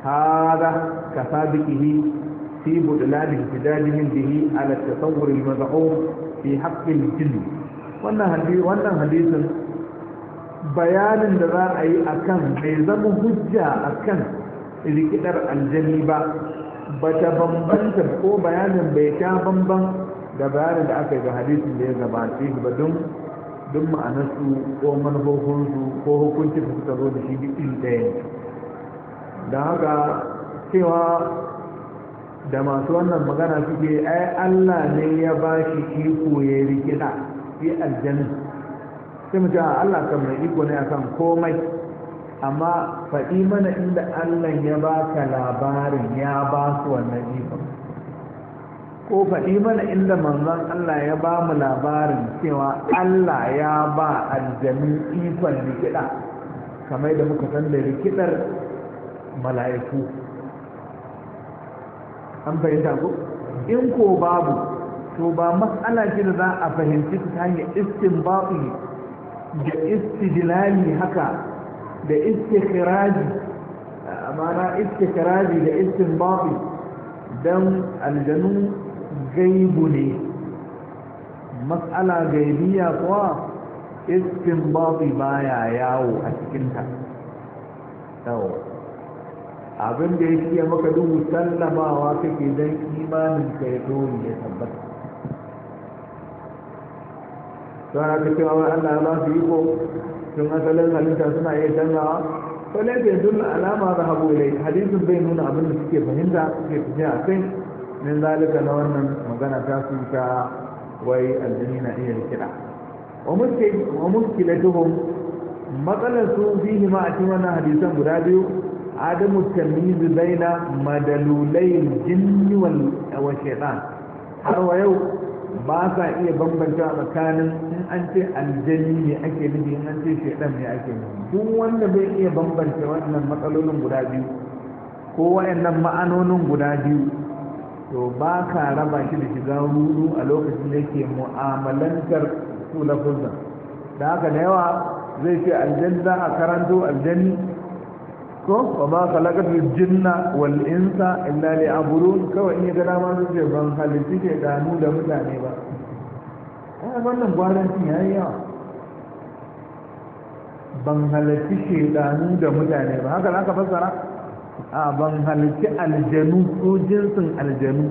هذا كسابقه في بطلان احتجاجهم به على التصور المزعوم في حق الجن wannan hadisin bayanin da za a yi akan kan bai zama hujja akan likitar rikidar aljani ba bata ta bambanta ko bayanin bai ta bamban da bayanin da aka yi ba hadisin da ya gabace ba don ma'anarsu ko manufofinsu ko hukuncin da suka zo da ɗaya da haka cewa da masu wannan magana suke ai allah ne ya ba shi iko ya rikida fi aljanna sai mu ce allah kan mai iko ne akan komai amma faɗi mana inda allah ya ba ka labarin ya ba su wannan iko ko faɗi mana inda manzon allah ya ba mu labarin cewa allah ya ba aljanu ikon rikida kamar da muka san da rikidar mala'iku an fahimta ko in ko babu to ba matsala shi da za a fahimci ta hanyar istinbati da istidlali haka da istikhraji amana istikhraji da istinbati dan aljanu gaibu ne matsala gaibiya kuwa ba baya yawo a cikinta yawo abin da ya fiye maka duhu sallamawa kake don imanin ka ya dole ya tabbata sana ta cewa wani allah ba su yi ko sun asalin halitta suna iya canzawa to laifin dun alama da habu ilai hadisin bai nuna abin da suke fahimta suke tafiya a kai min zalika na wannan magana ta su ta wai aljini na iya kira wa muskilatihum matsalar su fi ma a cikin wannan hadisan guda biyu adamu tamyizu baina madalulai jinni wal shaytan har yau ba sa iya bambanta tsakanin in an ce aljanni ne ake nufi in an ce shaytan ne ake nufi duk wanda bai iya bambanta wannan matsalolin guda biyu ko wayannan ma'anonin guda biyu to ba ka raba shi da shiga rudu a lokacin da yake mu'amalantar su lafuzan da haka da yawa zai ce aljanna a karanta aljanni ko wa ma khalaqatul jinna wal insa illa liya'budun kawai in ga dama sun ce ban halitti ke danu da mutane ba eh wannan gwarantin yayi yawa ban halitti ke danu da mutane ba haka zaka fassara a ban halitti aljanu ko jinsin aljanu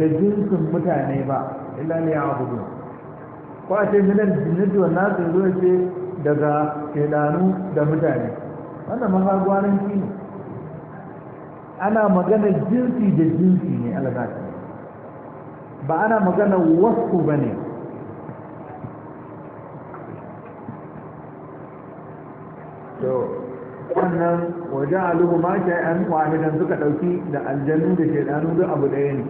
da jinsin mutane ba illa liya'budun ko a ce minan jinnati wannan nasu zo ce daga kedanu da mutane wannan mahagwaran ne ana magana jinsi da jinsi ne alzati ba ana magana wasu ba ne to wannan waje aluhu ma shay'an wahidan suka ɗauki da aljannu da shaidanu duk abu ɗaya ne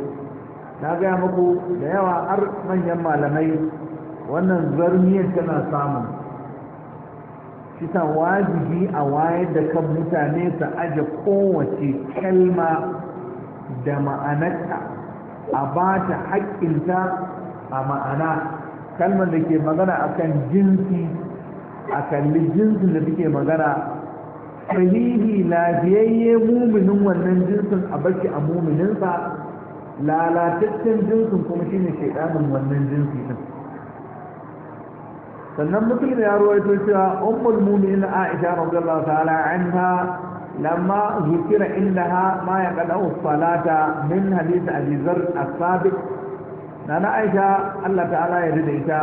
na gaya muku da yawa har manyan malamai wannan zarmiyar tana samun shi wajibi a wayar da kan mutane su aje kowace kalma da ma'anarta a ba ta haƙƙinta a ma'ana kalmar da ke magana a kan jinsi a kalli jinsin da suke magana sahihi lafiyayye muminin wannan jinsin a bashi a mumininsa lalataccen jinsin kuma shine shaidanin wannan jinsin. din sannan muslim ya ruwaito cewa ummul mu'minin aisha radiyallahu ta'ala anha lamma zukira indaha ma yaqda'u salata min hadith abi zar as-sabiq nana aisha Allah ta'ala ya rida ita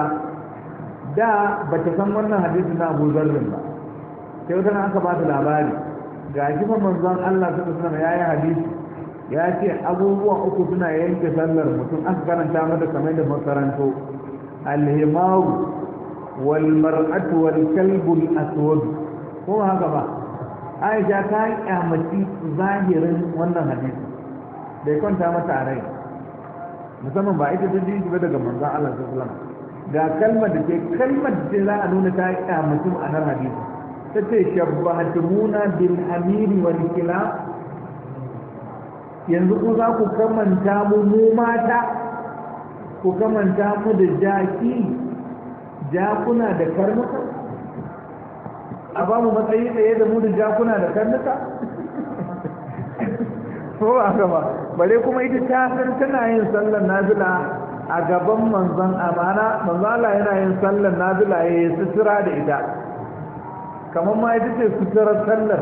da bata san wannan hadisi na Abu Zarr ba sai wata aka ba ta labari ga shi fa manzon Allah sallallahu alaihi wasallam yayi hadisi ya ce abubuwa uku suna yanke sallar mutum aka karanta mata kamar da makaranto alhimaru walmar'atu wal kalbu aswad ko haka ba Aisha ta kyamaci zahirin wannan hadisi bai kwanta mata a rai musamman ba ita ta ji ba daga manzon Allah sallallahu alaihi wasallam ga kalmar da ke kalmar da za a nuna ta kyamaci nan hadisi ta ce shabbahatumuna bil amiri wal kilab yanzu ku za ku kamanta mu mu mata ku kamanta mu da jaki jakuna da karnuka a ba mu matsayi tsaye da mu da jakuna da karnuka ko ba gaba bare kuma ita ta san tana yin sallar nazila a gaban manzon amana manzala yana yin sallar nazila ya yi sutura da ita kamar ma ita ce suturar sallar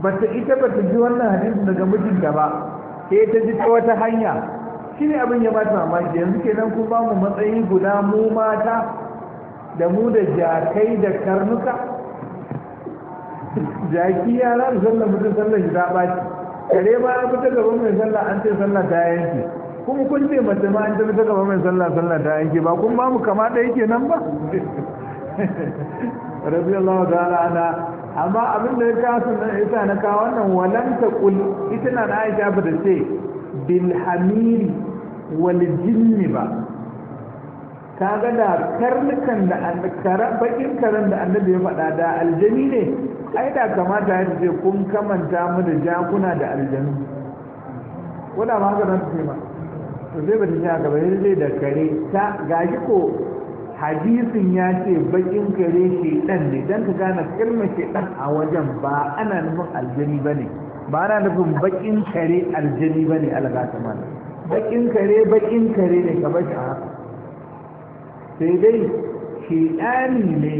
bata ita bata ji wannan hadisi daga mijinta ba Ke ta ji ta wata hanya shi ne abin ya ba ta mamaki yanzu kenan kun ba mu matsayi guda mu mata da mu da jakai da karnuka jaki ya ran sallar mutum sallar shi ta ɓaci kare ba ya fita gaban mai sallah an ce sallah ta yanke kuma kun ce mace ma an ce fita gaban mai sallah sallah ta yanke ba kun ba mu kama ɗaya ke nan ba radiyallahu ta'ala ana amma abin da ya kasu na isa na kawo wannan walanta kul ita na Aisha ba da ce bilhamiri waljinni ba kaga da karnukan da kara bakin karen da annabi ya faɗa da aljani ne ai da kamata ya ce kun kamanta mu da jakuna da aljanu wanda ma haka nan ce ba to zai ba shi haka ba da kare ta gaji ko hadisin ya ce bakin kare shi dan ne dan ka gane kalmar shi dan a wajen ba ana nufin aljani ba ne ba na nufin bakin kare aljani ba ne algata mana bakin kare bakin kare ne ka bashi a haka sai dai shaidani ne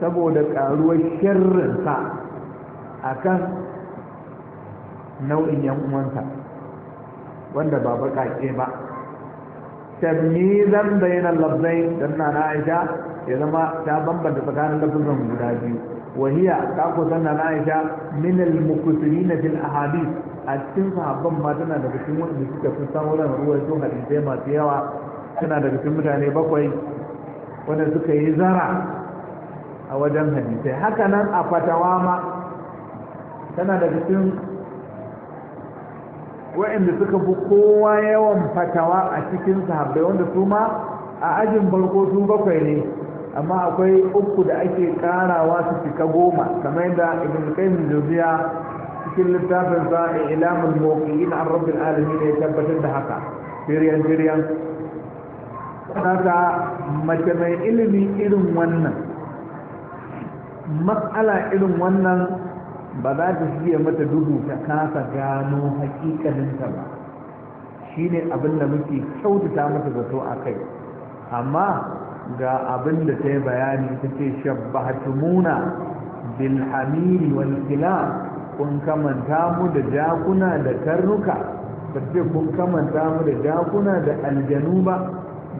saboda ƙaruwar shirinsa a kan nau'in yan wanda ba bakake ba zan bainal labzai don na Aisha ya zama ta bambanta tsakanin lafizan guda biyu Wahiya za ku san nan Aisha minan yi mu kusurina shi a Hadiza. A cikinsu haɓɓan ma suka fi sa ruwa sun haɗu da masu yawa. Tana da bikin mutane bakwai wani suka yi zara a wajen Hadiza. Haka nan a fatawa ma tana da bikin wa'inda suka fi kowa yawan fatawa a cikin saɓa, wanda kuma a ajin barkotu bakwai ne. amma akwai uku da ake karawa su cika goma kamar yadda ibn qayyim jawziya cikin littafin sa ilamul muqiyin an rabbil alamin ya tabbatar da haka firyan firyan haka mace mai ilimi irin wannan matsala irin wannan ba za ta shige mata duhu ta kasa gano hakikaninta ba shine abin da muke kyautata mata zato a kai amma ga abin da ta yi bayani ta ce shabbatumuna bil hamiri wani kila kun kamanta mu da jakuna da karnuka ta ce kun kamanta mu da jakuna da aljanu ba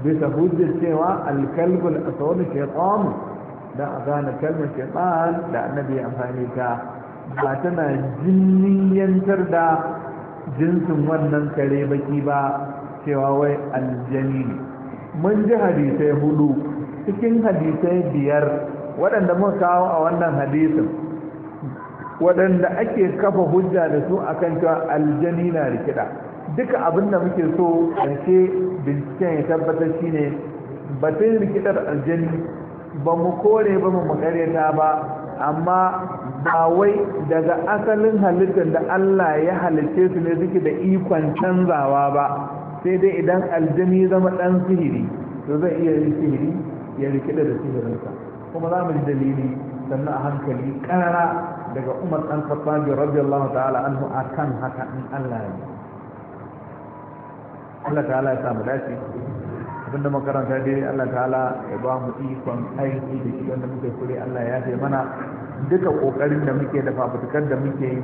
bisa hujjar cewa alkalbul tsawon shekwam da a gane kalmar shekwam da annabi amfani ta ba tana jinniyantar da jinsin wannan kare baki ba cewa wai aljani mun ji hadisai hudu cikin hadisai biyar waɗanda mun kawo a wannan hadisin waɗanda ake kafa hujja da su kan cewa aljani na rikida duka abin da muke so ke binciken ya tabbatar shine batun rikidar aljani ba mu kore ba mu ba amma ba wai daga asalin halittar da Allah ya halicce su ne suke da ikon canzawa ba sai dai idan aljami zama dan sihiri to zai iya yin sihiri ya rikida da sihirinsa kuma za mu ji dalili sannan a hankali karara daga umar ɗan khattabi radiyallahu ta'ala anhu akan haka in Allah ya Allah ta'ala ya samu dace abinda makaranta dai Allah ta'ala ya ba mu ikon aiki da shi wanda muke kure Allah ya yafe mana duka kokarin da muke da fafutukar da muke yi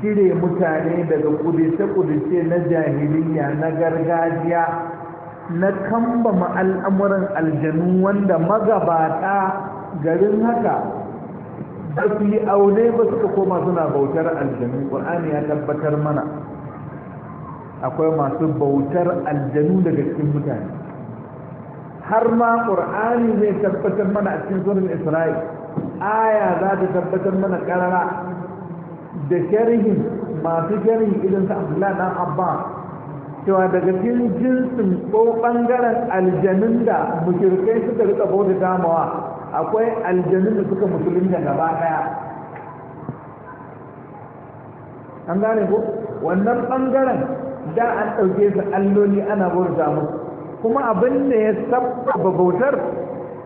cire mutane daga kudice-kudice na jahiliya na gargajiya na kambama al'amuran aljanu wanda magabata garin haka ba su yi aure ba suka koma suna bautar aljanu ƙwar'ani ya tabbatar mana akwai masu bautar aljanu daga cikin mutane har ma ƙur'ani zai tabbatar mana a cikin sunan isra'il aya za ta tabbatar mana ƙarara da sharihin masu sharihin irin su abdullahi dan abba cewa daga cikin jinsin ko bangaren aljanun da mushrikai suka rika bauta damawa akwai aljanun da suka da gaba daya an gane ko wannan bangaren da an ɗauke su alloli ana bauta musu kuma abin da ya sabba bautar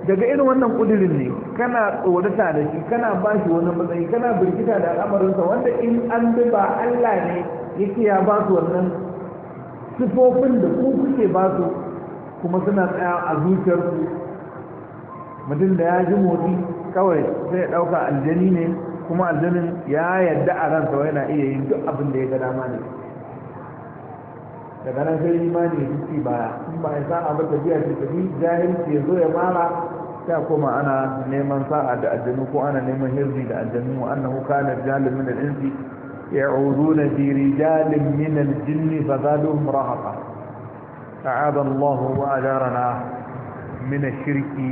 daga irin wannan kudirin ne kana tsorata da shi kana ba shi wani matsayi kana birkita da al'amarinsa wanda in an bi ba Allah ne yake ya ba su wannan sifofin da ku kuke ba su kuma suna tsaya a zuciyarsu mutum da ya ji motsi kawai sai ya ɗauka aljani ne kuma aljanin ya yadda a ransa yana iya yin duk abin da ya ga dama ne daga nan sai imani ya ci baya in ba ya sa abin tafiya ce tafi jahilci ya zo ya mara sai kuma ana neman sa'a da aljanu ko ana neman hirzi da aljanu annahu kana rijalun min al-insi ya'uduna bi rijalin min al-jinn fa zaduhum rahaqa a'ada Allah wa ajarana min ash-shirki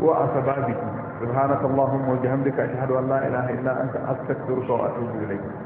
wa asbabihi allahumma wa bihamdika ashhadu an la ilaha illa anta astaghfiruka wa atubu ilayk